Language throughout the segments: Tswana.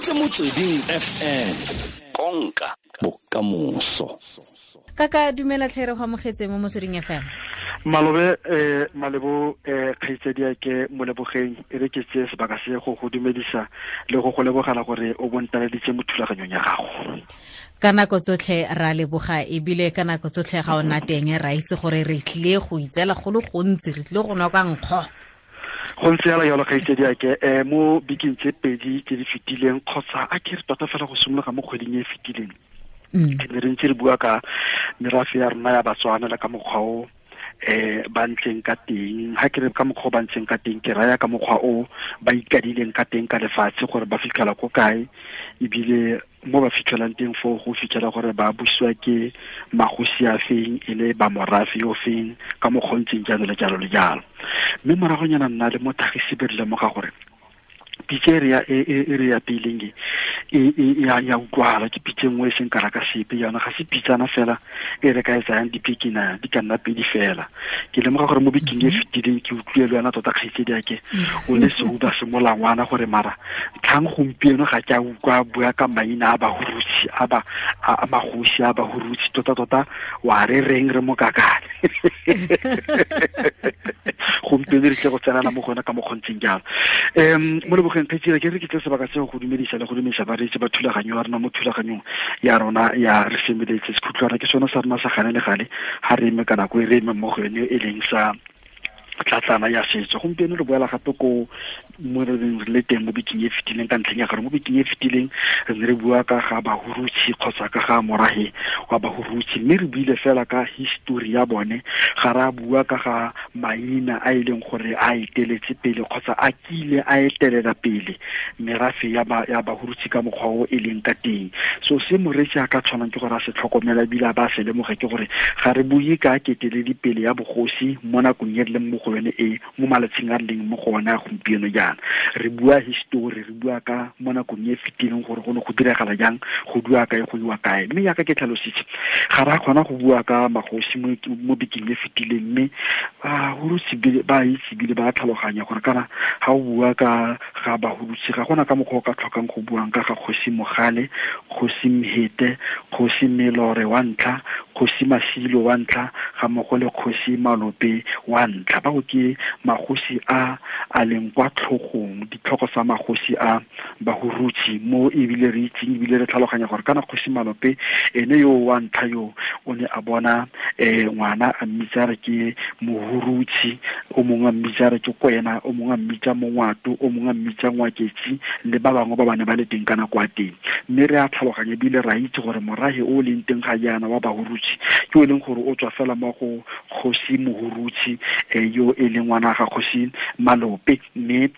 tobeditse motsweding fm konka bokamoso ka ka dumela tlhere go amogetse mo motsweding fm malobe eh malebo eh kgaitsadia ke molebogeng e be ke tseye sebaka se go go dumedisa le go go lebogela gore o bontaleditse mo thulaganyong ya gago ka nako tsotlhe ra leboga ebile ka nako tsotlhe ga o na teng ra itse gore re tlile go itsela go le gontsi re tlile go nwa ka nkgo go ntse yala yalo kgaitsedi ake um eh, mo bekeng tse pedi tse di fetileng kgotsa a ke re tota fela go simologa mo kgweding e e fetileng mm. ne re ntse re bua ka merafe ya rona ya batswana le ka mokgwa o eh ba ntleng ka teng ha ke re ka mokgwa o ba ntseng ka teng ke raya ka mokgwa o ba ikadileng ka teng ka lefatshe gore ba fitlhela ko kae ebile mo ba fitlhelang teng foo go fitlhela gore ba busiwa ke magosi a feng e le ba morafe o feng ka mo kgontseng jalo le jalo le jalo mme moragonyana nna le mothagisi be re lemoga gore pitse e re apeileng E, e, e, ya utlwala ke pitse nngwe e seng karaka sepe yana ga se pitsana fela e re ka e tsayang dipekina di ka nna pedi fela ke lemoga gore mo bekeng e mhm. fetileng ke utlwile le yana tota kgaitsedi ake o le seuba semolangwana gore mara tlhang gompieno ga ke a utlwa bua ka maina a bahurutsi a magosi a bahurutsi tota-tota wa re reng re mo mokakane gompieno e re tle go tsenana mo gona ka mo kgontseng jalo um mo lebogeng kgaitsira ke re ke tle sebaka seo go dumedisa le go dumedisa bareetsi ba thulaganyo ya rona mo thulaganyong ya rona ya re semeletse sekhutlwana ke sone sa rona sa gane le gale ga re eme ka nako e re eme go yone e leng sa tlatlana ya setso gompieno re boela gape ko mo re le teng mo bekeng e fetileng ka ntlheng ya gore mo bekeng e fetileng re ne re bua ka ga bahurutsi kgotsa ka ga morage wa bahurutsi mme re buile fela ka histori ya bone ga re a bua ka ga maina a e leng gore a eteletse pele kgotsa a kile a etelela pele merafe ya bahurutshi ka mokgwa o e leng ka teng so se moretsi a ka tshwanang ke gore a se tlhokomela ebile a ba se lemoge ke gore ga re bue ka keteledipele ya bogosi mo nakong e re leng mo go yone e mo malatsheng a re leng mo go one ona gompieno jaana yana re bua history re bua ka mo nakong e fetileng gore go ne go diragala jang go dua kae go iwa kae mme yaka ke tlhalositse ga ra kgona go bua ka magosi mo bekeng e fetileng mme ba itsebile ba tlhaloganya gore kana ga o bua ka ga baholosi ga gona ka mokgwa o ka tlhokang go buang ka ga kgosi mogale kgosi mhete kgosi melore wa ntlha kgosi masilo wa ntlha ga mogo le kgosi malope wa ntlha bao ke magosi a a leng kwa tlho ditlhogong ditlhogo sa magosi a bahurutsi mo ebile re itseng ebile re tlhaloganya gore kana kgosi e malope ene yo wa ntlha yo o ne a bona um ngwana a mmitsa re ke mohurutsi o mongwe a mmitsa re ke kwena o mongwe a mmitsa mongwato o mongwe a mmitsa ngwaketsi le ba bangwe ba bane ba le teng kana kwa teng mme re a tlhaloganya ebile re a itse gore morage o leng teng ga jaana wa bahurutsi ke o e leng gore o tswa fela mo go kgosi mohurutsi um eh, yo e leng ngwana ga kgosi malope mme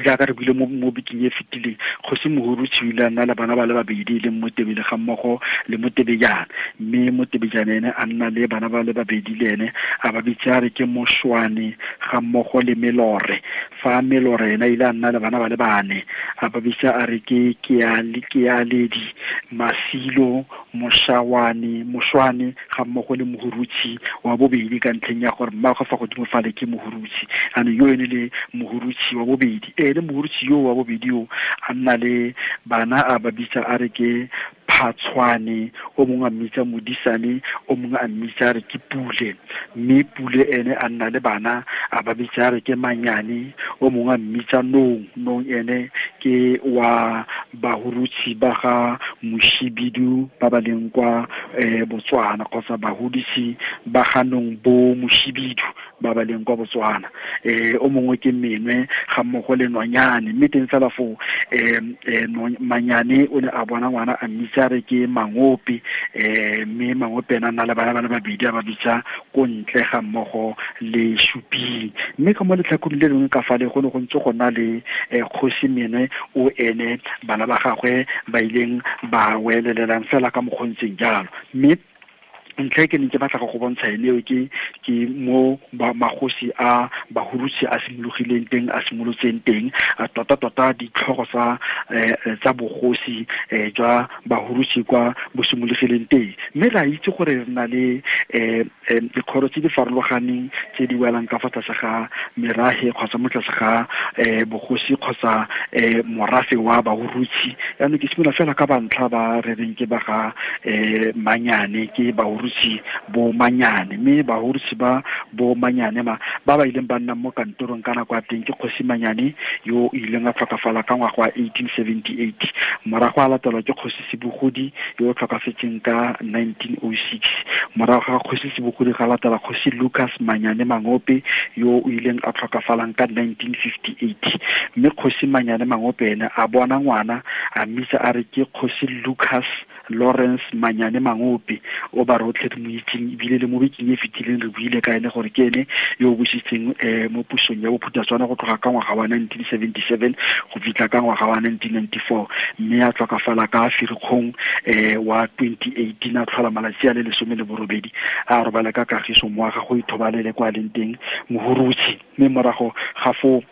jaaka re buile mo bekeng e, e fetileng kgosi mohuru tshwile a nna le bana ba le babedi e leng motebele ga mmogo le motebejana mme motebejana ene a nna le bana ba le babedi le ene a ba bitse a re ke moswane ga mmogo le melore fa melore ena ile a nna le bana ba le bane a ba bitse a re ke ke a ledi masilo moshawani moswane ga mmogo le mohurutsi wa bobedi ka ntlheng ya gore mmago fa godimo fale ke mohurutsi ane yo ene e le mohurutsi wa bobedi ene e mohurutsi yo wa bobedi yo a nna le bana a ba bitsa a re ke phatshwane o mongwe a mmitsa modisane o mongwe a mmitsa a re ke pule mme pule ene a nna le bana a ba bitsa a re ke manyane o mongwe a mmitsa nong nong ene ke wa bahurusi ba ga moshibidu ba ba leng kwa um botswana kgotsa bahodisi ba ganong bo moshibidu ba ba leng kwa botswana um o mongwe ke menwe ga mmogo le nonyane mme teng fela foo um manyane o ne a bona ngwana a mmitsa re ke mangope um mme mangope ena nna le bana ba le babedi a ba bitsa ko ntle ga mmogo le supile mme ka mo letlhakong le lengwe ka fale go ne go ntse go na le kgosi menwe o ene bana ba gagwe ba ileng ba welelelang fela ka mokgontseng jalo mme ntlha ke ne ke batla go go bontsha eneo ke ke mo magosi a bahurutse a simologileng teng a simolotseng teng tota tota ditlhogo tsa eh, tsa bogosi eh, jwa bahurutse kwa bosimologileng teng mme re a itse gore re na le um dikgoro tse di farologaneng tse di welang ka fa tlase ga merage kgotsa mo tlase ga bogosi kgotsa um morafe wa bahurutse yaanong ke simolola fela ka bantlha ba re reng ke ba ga um manyane ke bahurutse bahurusi bo manyane mme bahurusi ba bo manyane ma ba ba ileng ba nna mo kantorong ka nako ya teng ke kgosi manyane yo o ileng a tlhokafala ka ngwaga wa 1878 morago a latelwa ke kgosi sebogodi yo o tlhokafetseng ka 1906 morago ga kgosi sebogodi ga latela kgosi lucas manyane mangope yo o ileng a tlhokafalang ka 1958 mme kgosi manyane mangope ene a bona ngwana a mmitsa a re ke kgosi lucas lawrence manyane mangope o ba rotlhe mo itseng ebile le mo bekeng e fetileng re buile ka ene gore ke ene yo o busitseng um mo pusong ya bophuthatswana go tloga ka ngwaga wa 1977 seventy seven go fitlha ka ngwaga wa 1994 four mme a tlhokafala ka firikgong um eh, wa 2018 a tlhola malatsi a le lesome le borobedi a robala ka kagiso moaga go ithobalele kwa leng teng mohurutshi mme morago ga foo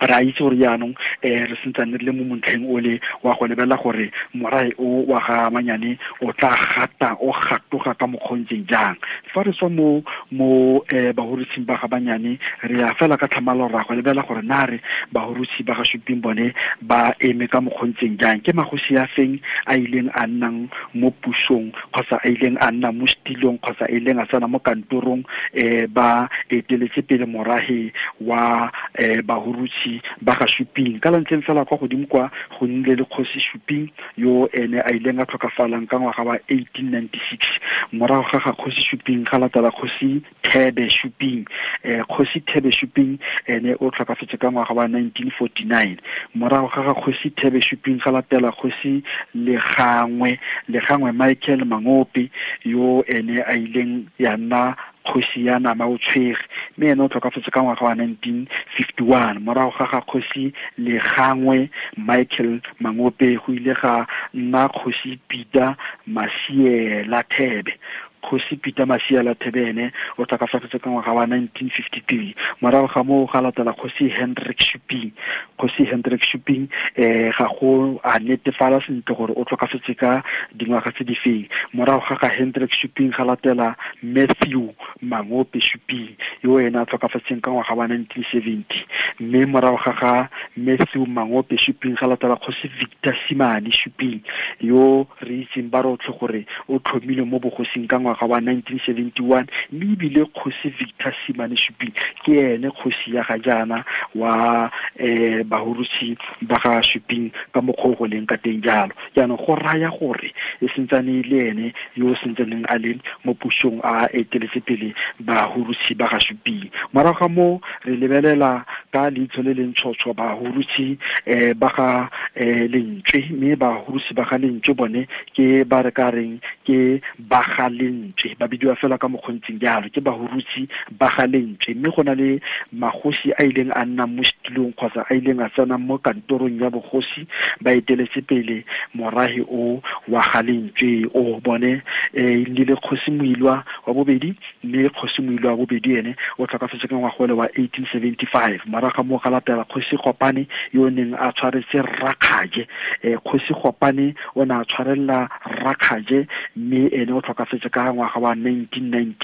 ra itse gore jaanong um eh, re santsane re le mo montlheng o le wa go lebela gore morai o wa ga manyane o tla gata o gatoga ka mokgontseng jang fa re tswa mo mo um eh, bahorising ba ga banyane re ya fela ka tlhamalo ra go lebela gore na re bahorisi ba ga suping bone ba eme ka mokgontseng jang ke magosi a feng a ileng a nnang mo pusong kgotsa a ileng a nna mo stilong kgotsa a ileng a tsena mo kantorong um ba eteletse pele morage wa um bahorisi bontsi ba ga Shuping ka lantseng fela kwa godimo kwa go nnile le kgosi Shuping yo ene a ileng a tlhokafalang ka ngwaga wa 1896 morago ga ga kgosi Shuping ga latela kgosi Thebe Shuping um eh, kgosi Thebe Shuping ene o tlhokafetse ka ngwaga wa 1949 morago ga ga kgosi Thebe Shuping ga latela kgosi Legangwe Legangwe Michael Mangope yo ene a ileng ya nna kgosi ya nama o tshwege mme ene o tlhokafetse ka ngwaga wa 1951 morago ga ga kgosi le gangwe michael mangope go ile ga nna kgosi peter masiela thebe kgosi peter masiala thebene o tlhokafaditse ka ngwaga wa 1953 morago ga moo ga latela kgosi hendrik shuping kgosi hendrik shuping um eh, ga go a netefala sentle gore o tlhokafetse ka dingwaga tse di feng morago ga ga hendrik shuping ga latela matthew mangope shuping yo ene a tlhokafetseng ka ngwaga wa 1970 mme morago ga ga matthew mangope shuping ga latela kgosi victor simane shuping yo re itseng ba rotlhe gore o tlhomile mo bogosing ka ngwaga ngwaga wa 1971 mme ebile kgosi victor simane suping ke ene kgosi ya ga jaana wa um eh, bahorutsi ba ga suping ka mokgwa go leng ka teng jalo jaanong go raya gore e sentsane e le ene yo o a le mo pusong a eteletse pele bahorutsi ba ga suping morago ga mo re lebelela ka leitlho le lentshotsho bahorutsi um eh, ba ga um lentswe mme bahorutsi ba ga lentswe bone ke ba re ka reng ke bagalentse ba bidiwa fela ka mokgontsing jalo ke bahurutsi bagalentse mme go na le magosi a ileng a nna mo setulong kgotsa a ileng a tsena mo kantorong ya bogosi ba eteletse pele morahi o wa galentswe o bone eh, e le kgosi moilwa wa bobedi mme moile wa bobedi ene o tlhokafetse ka ngwagole wa 1875 moraga mo ga latela kgosi gopane yo o neng a tshwaretse rakgaje um eh, kgosi gopane o ne a tshwarelela rrakgaje mme ene o tlhokafetse ka ngwaga wa 1919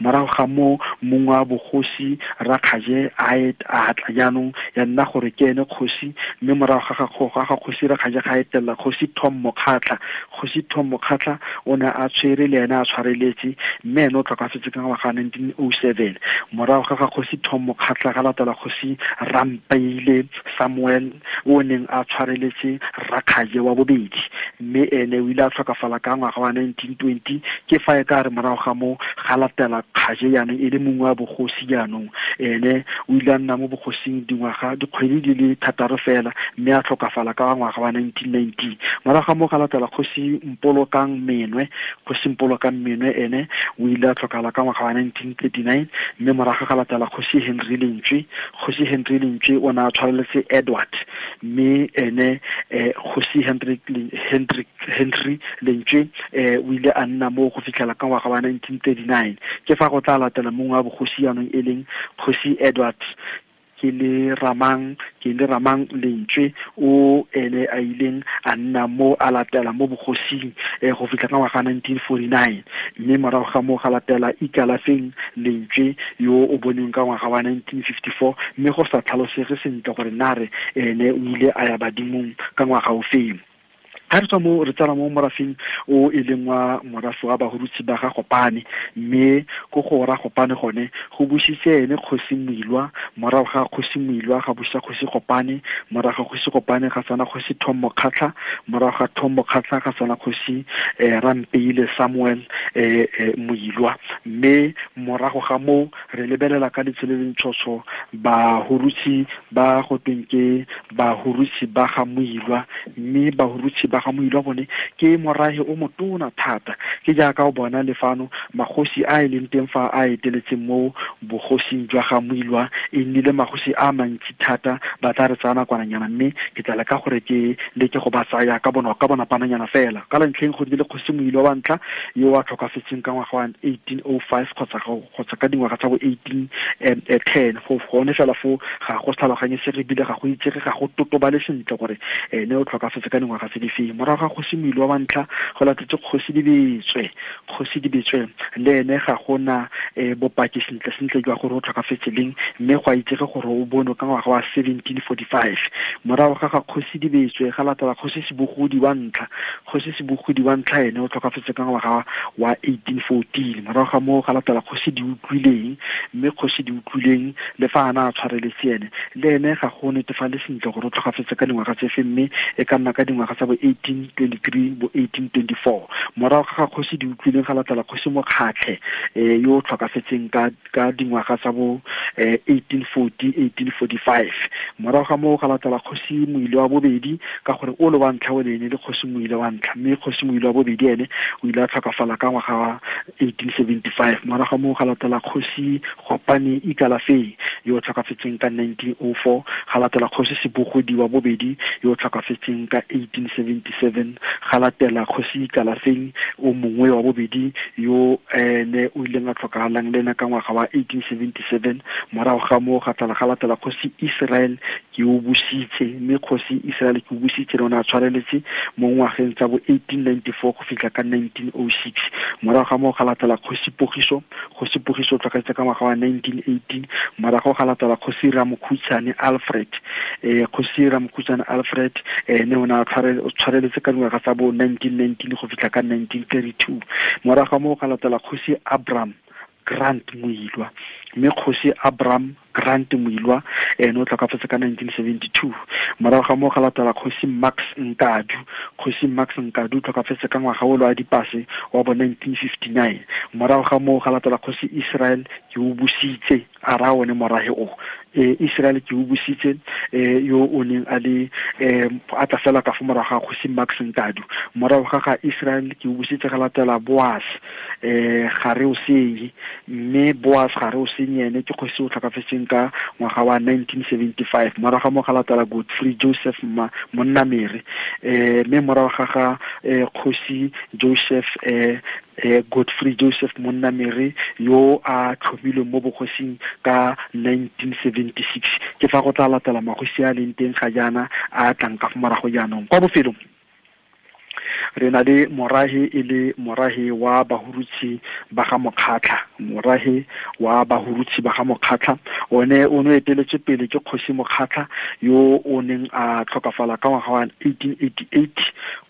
morago ga mo mongwe wa bogosi rakgaje e, a tla jaanong ya nna gore ke ene kgosi mme morago ga ga kgosi rakgaje ga etelela kgosi tom mokgatlha kgosi tom mokgatlha o ne a tshwere le ene a tshwareletse mme mme ene o tlhokafetse ka ngwaga 1907 morago ga ga kgosi thomo mokgatlha ga latela kgosi rampaile samuel o neng a tshwareletse rakgaje wa bobedi mme ene o ile a tlhokafala ka ngwaga wa 1920 ke fa e ka re morago ga mo ga latela kgaje jaanong e le mongwe wa bogosi jaanong ene o ile a nna mo bogosing dingwaga dikgwedi di le thataro fela mme a tlhokafala ka ngwaga wa 1919 morago ga mo ga latela kgosi mpolokang menwe kgosi mpolokang menwe ene o ile a tlhokala ka ngwaga wa 1939 mme morago ga latela kgosi henry lentswe kgosi henry lentswe o ne a tshwareletse edward mme ene eh, kgosi henry lentswe henry eh, o ile a nna mo go fitlhela ka ngwaga wa 1939 ke fa go tla latela mongwe wa bogosi yanong e leng kgosi edward ke le ramang ke le ramang lentswe o ene a ileng a nna mo a latela mo bogosing um eh, go fitlha ka ngwaga nineteen forty nine mme morago ga moo ga latela ikalafeng lentswe yo o boneng ka ngwaga wa nineteen fifty four mme go sa tlhalosege sentle gore na re ene o ile a ya badimong ka ngwaga o feng ga re tswa mo re tsena mo morafeng o e leng wa morafe wa bahurutsi ba ga gopane mme ko go ra gopane gone go busitse ene kgosi moilwa morago ga kgosi moilwa ga busa kgosi gopane morago ga kgosi gopane ga tsana kgosi thomo kgatlha morago ga thomo kgatlha ga tsana kgosi um eh, rampeile samuel um moilwa mme morago ga moo re lebelela ka letsholo le ntshotsho bahurutsi ba go tweng ke bahurutsi ba ga moilwa mme bahurutsi ba ga ga moilwa bone ke morahe o motona thata ke jaaka o bona lefano magosi a e leng teng fa a eteletseng mo bogosing jwa ga moilwa e nnile magosi a mantsi thata ba tla re tsaya nakwananyana mme ke tla ka gore ke leke go ba tsaya ka bona ka bona pananyana fela ka lantlheng go le kgosi moilwa wa ntlha yo a tlhokafetseng ka ngwaga wa eighteen o oh five kgotsa ka dingwaga tsa bo eighteen ten go gone fela fo ga go tlhaloganye se re bile ga go itsege ga go totobale sentle gore ene o tlhokafetse ka dingwaga tse di fe kgosi morago ga kgosi moile wa bantlha go latetse kgosi dibetswe kgosi dibetswe le ene ga gona um bopaki sentle sentle jwa gore o tlhokafetse leng mme go a itsege gore o bone ka ngwaga wa seventeen forty five morago ga ga kgosi dibetswe ga latela kgosi sebogodi wa ntlha kgosi sebogodi wa ntlha ene o tlhokafetse ka ngwaga wa eighteen fourteen morago ga moo ga latela kgosi di utlwileng mme kgosi di utlwileng le fa ana a tshwareletse ene le ene ga go netefale sentle gore o tlhokafetse ka dingwaga tse fe mme e ka nna ka dingwaga tsa bo eight 1823 bo 1824 morago ga kgosi di utlwileng ga latela kgosi mokgatlhe um yo o tlhokafetseng ka dingwaga tsa bo 1840 eh, 1845 morago ga moo ga latela kgosi moile wa bobedi ka gore o le wa ntlha o ne ene le kgosi moile wa ntlha mme kgosi moile wa bobedi ene o ile a tlhokafala ka ngwaga wa 1875 morago ga moo ga latela kgosi gopane ikalafeng yo o tlhokafetseng ka 1904 ga latela kgosi sebogodi wa bobedi yo o tlhokafetseng ka 1997 ga latela kgosi kalafeng o mongwe wa bobedi yo ene o ileng a tlhokagalang le ena ka ngwaga wa 1877 morago ga moo ga tlala ga latela kgosi israel ke o busitse mme kgosi israel ke o busitse o ne a tshwareletse mo ngwageng tsa bo 1894 go fitlha ka 1906 morago ga moo ga latela kgosi pogiso kgosi pogiso o tlhokagetse ka ngwaga wa 1918 morago ga latela kgosi ramokhutsane alfred um kgosi ramokhutsane alfred ene o ne a tshwareletse tshwaneletse ka dingwaga tsa bo 1919 go fitlha ka 1932 morago mo go ga latela kgosi abraham grant moilwa mme kgosi abraham grant moilwa ene o tlhokafetse ka 1972 morago ga moo ga latela kgosi max nkadu kgosi max nkadu o tlhokafetse ka ngwaga o lo wa dipase wa bo 1959 morago ga moo ga latela kgosi israel ke o busitse a raya one morage o e Israel ke o busitse e yo o neng a le eh, a tla fela ka morago ga kgosi Max Nkadu morago ga ga Israel ke o busitse ga latela Boas e ga re o senye mme Boas ga re o senye ene ke kgosi o tlhokafetseng ka ngwaga wa 1975 morago ga mo ga latela Godfrey Joseph ma monna mere e mme morago ga ga kgosi Joseph e Godfrey Joseph monna mere yo a tlhomilweng mo bogosing ka 1970 twenty ke fa go tla latela magwesi a leng teng ga jaana a tlang ka morago jaanong kwa bofelong re na le morahi e le morahi wa bahurutsi ba ga mokgatlha morahi wa bahurutsi ba ga mokgatlha one o ne eteletse pele ke kgosi mokgatlha yo o neng a tlhokafala ka ngwaga wa 1888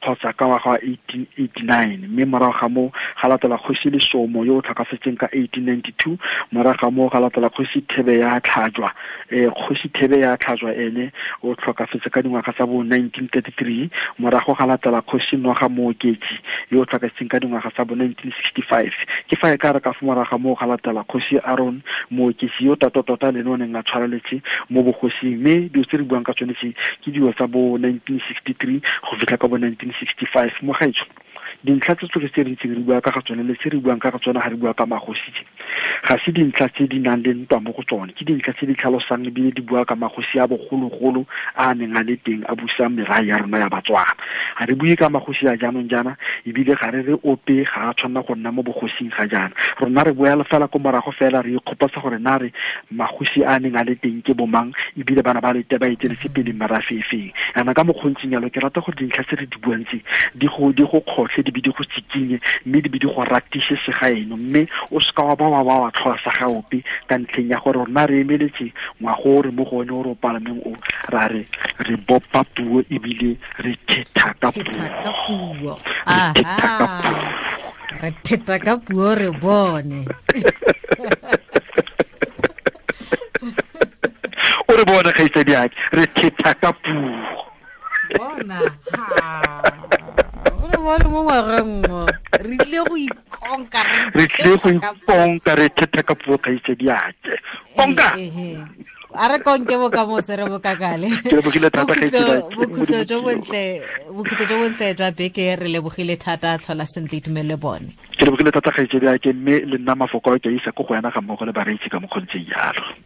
kgotsa ka ngwaga wa 1889 mme morago ga mo ga latela kgosi lesomo yo o tlhokafetseng ka 1892 morago ga mo ga latela kgosi thebe ya tlhajwa um eh, kgosi thebe ya tlhajwa ene o tlhokafetse ka dingwaga tsa bo 1933 morago ga latela kgosi ga mooketsi yo o tlhakasitseng ka dingwaga sa bo 1965 ke fa e ka re ka fa moraga moo ga latela kgosi aron mooketsi yo tota-tota lene o neng a tshwareletse mo bogosing mme dilo tse re buang ka tshwanetse ke dilo tsa bo 1963 go fitlha ka bo 1965 mo gaetsho dintlha tse tsotlhe tse re itseng re bua ka ga tsone le tse re buang ka ga tsone ga re bua ka magosi ga se dintlha tse di nang le ntwa mo go tsone ke dintlha tse di tlhalosang ebile di bua ka magosi a bogologolo a a neng a le teng a busang merae ya rona ya batswana ga re bue ka magosi a jaanong jaana ebile ga re re ope ga a tshwanela go nna mo bogosing ga jaana rona re boela fela ko morago fela re ikgopotsa gore na re magosi a a neng a le teng ke bomang ebile bana ba lete ba etelese pele merafe e yana ka mokgontsing yalo ke rata gore dintlha tse re di buang di go kgotlhe tse di bidi go tsikinye mme di bidi go ratise se segaeno mme o seka wa ba wa ba wa tlhosa gaope ka ntlheng ya gore rona re emeletse ngwago ore mo go one o re o palameng o ra re re bopa puo ebile re thetha ka puo re thetha ka puo re bone o re bone kgaitsadiake re thetha ka puo bona ha bo re mo ngwageng o re tlile go ikonka re tlile go ikonka re thetha ka puo kgaitsedi e yake konka eh, eh, eh. a re konke bokamoso re bokakale e jo bontle jwa beke re lebogile thata tlhola sentle itumele bone ke lebogile thata kgaitsedi e yake mme le nna mafoko a ke isa ko go wena ga mmogo le bareitsi ka mokgontse jalo